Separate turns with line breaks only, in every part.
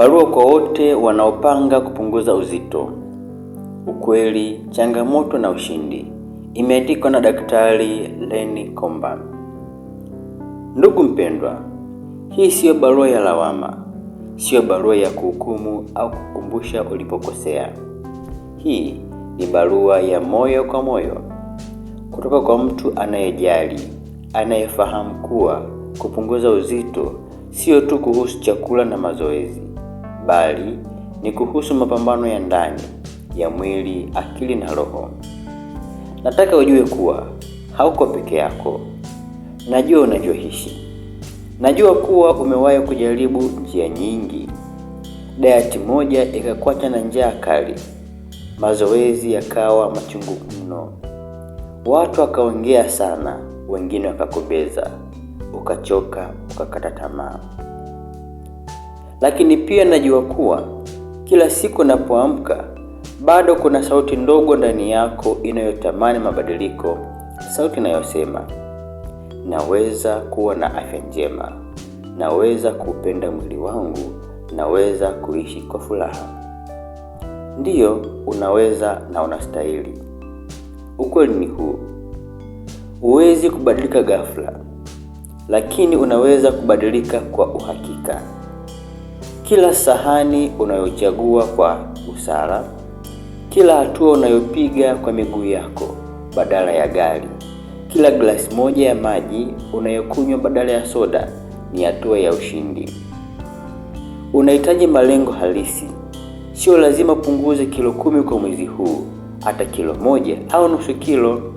Barua kwa wote wanaopanga kupunguza uzito: ukweli, changamoto na ushindi. Imeandikwa na Daktari Leni Komba. Ndugu mpendwa, hii siyo barua ya lawama, siyo barua ya kuhukumu au kukumbusha ulipokosea. Hii ni barua ya moyo kwa moyo kutoka kwa mtu anayejali, anayefahamu kuwa kupunguza uzito sio tu kuhusu chakula na mazoezi bali ni kuhusu mapambano ya ndani ya mwili, akili na roho. Nataka ujue kuwa hauko peke yako. Najua unachoishi, najua kuwa umewahi kujaribu njia nyingi. Diet moja ikakwacha na njaa kali, mazoezi yakawa machungu mno, watu wakaongea sana, wengine wakakobeza ukachoka, ukakata tamaa lakini pia najua kuwa kila siku napoamka bado kuna sauti ndogo ndani yako inayotamani mabadiliko, sauti inayosema naweza kuwa na afya njema, naweza kuupenda mwili wangu, naweza kuishi kwa furaha. Ndiyo, unaweza na unastahili. Ukweli ni huu: huwezi kubadilika ghafla, lakini unaweza kubadilika kwa uhakika kila sahani unayochagua kwa busara, kila hatua unayopiga kwa miguu yako badala ya gari, kila glasi moja ya maji unayokunywa badala ya soda ni hatua ya ushindi. Unahitaji malengo halisi. Sio lazima upunguze kilo kumi kwa mwezi huu, hata kilo moja au nusu kilo,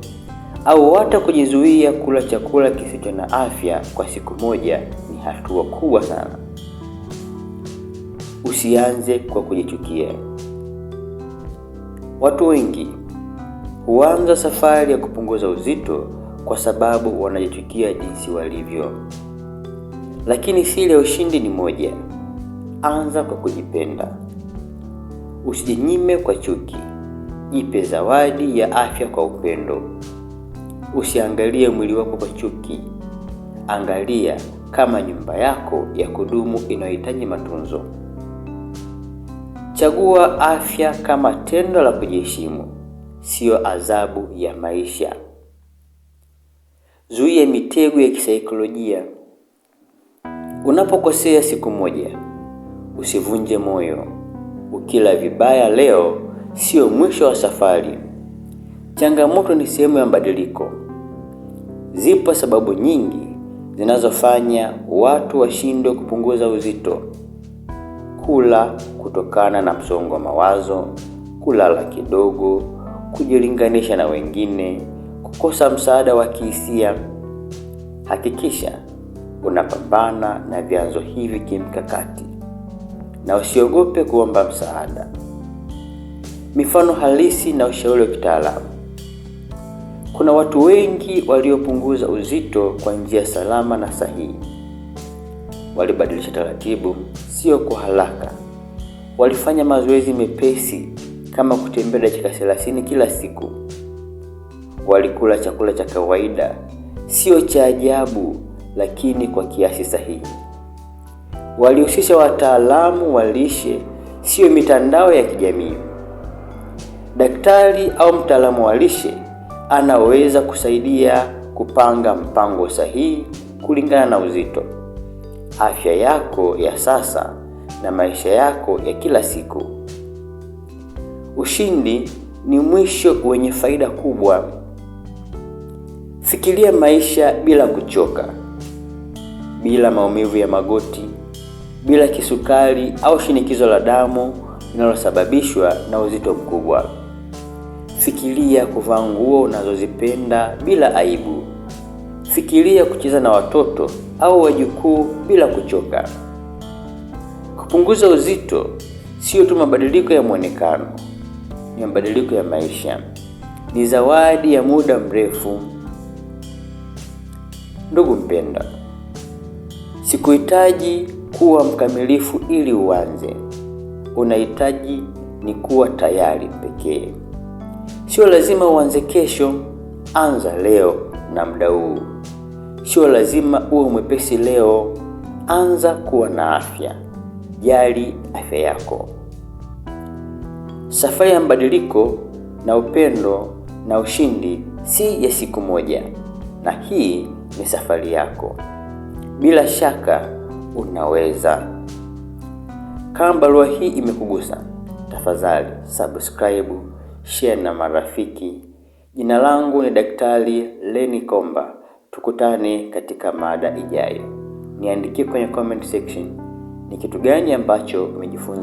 au hata kujizuia kula chakula kisicho na afya kwa siku moja ni hatua kubwa sana usianze kwa kujichukia. Watu wengi huanza safari ya kupunguza uzito kwa sababu wanajichukia jinsi walivyo, lakini siri ya ushindi ni moja: anza kwa kujipenda. Usijinyime kwa chuki, jipe zawadi ya afya kwa upendo. Usiangalie mwili wako kwa chuki, angalia kama nyumba yako ya kudumu inayohitaji matunzo. Chagua afya kama tendo la kujiheshimu, siyo adhabu ya maisha. Zuia mitego ya kisaikolojia. Unapokosea siku moja, usivunje moyo. Ukila vibaya leo, sio mwisho wa safari. Changamoto ni sehemu ya mabadiliko. Zipo sababu nyingi zinazofanya watu washindwe kupunguza uzito kula kutokana na msongo wa mawazo, kulala kidogo, kujilinganisha na wengine, kukosa msaada wa kihisia. Hakikisha unapambana na vyanzo hivi kimkakati na usiogope kuomba msaada. Mifano halisi na ushauri wa kitaalamu. Kuna watu wengi waliopunguza uzito kwa njia salama na sahihi walibadilisha taratibu, sio kwa haraka. Walifanya mazoezi mepesi kama kutembea dakika thelathini kila siku. Walikula chakula cha kawaida, sio cha ajabu, lakini kwa kiasi sahihi. Walihusisha wataalamu wa lishe, sio mitandao ya kijamii. Daktari au mtaalamu wa lishe anaweza kusaidia kupanga mpango sahihi kulingana na uzito afya yako ya sasa na maisha yako ya kila siku. Ushindi ni mwisho wenye faida kubwa. Fikiria maisha bila kuchoka, bila maumivu ya magoti, bila kisukari au shinikizo la damu linalosababishwa na uzito mkubwa. Fikiria kuvaa nguo unazozipenda bila aibu. Fikiria kucheza na watoto au wajukuu bila kuchoka. Kupunguza uzito sio tu mabadiliko ya mwonekano, ni mabadiliko ya maisha, ni zawadi ya muda mrefu. Ndugu mpenda, sikuhitaji kuwa mkamilifu ili uanze, unahitaji ni kuwa tayari pekee. Sio lazima uanze kesho, anza leo na muda huu. Sio lazima uwe mwepesi leo. Anza kuwa na afya, jali afya yako. Safari ya mabadiliko na upendo na ushindi si ya siku moja, na hii ni safari yako. Bila shaka unaweza. Kama barua hii imekugusa, tafadhali subscribe, share na marafiki. Jina langu ni Daktari Lenny Komba. Tukutane katika mada ijayo. Niandikie kwenye comment section ni kitu gani ambacho umejifunza.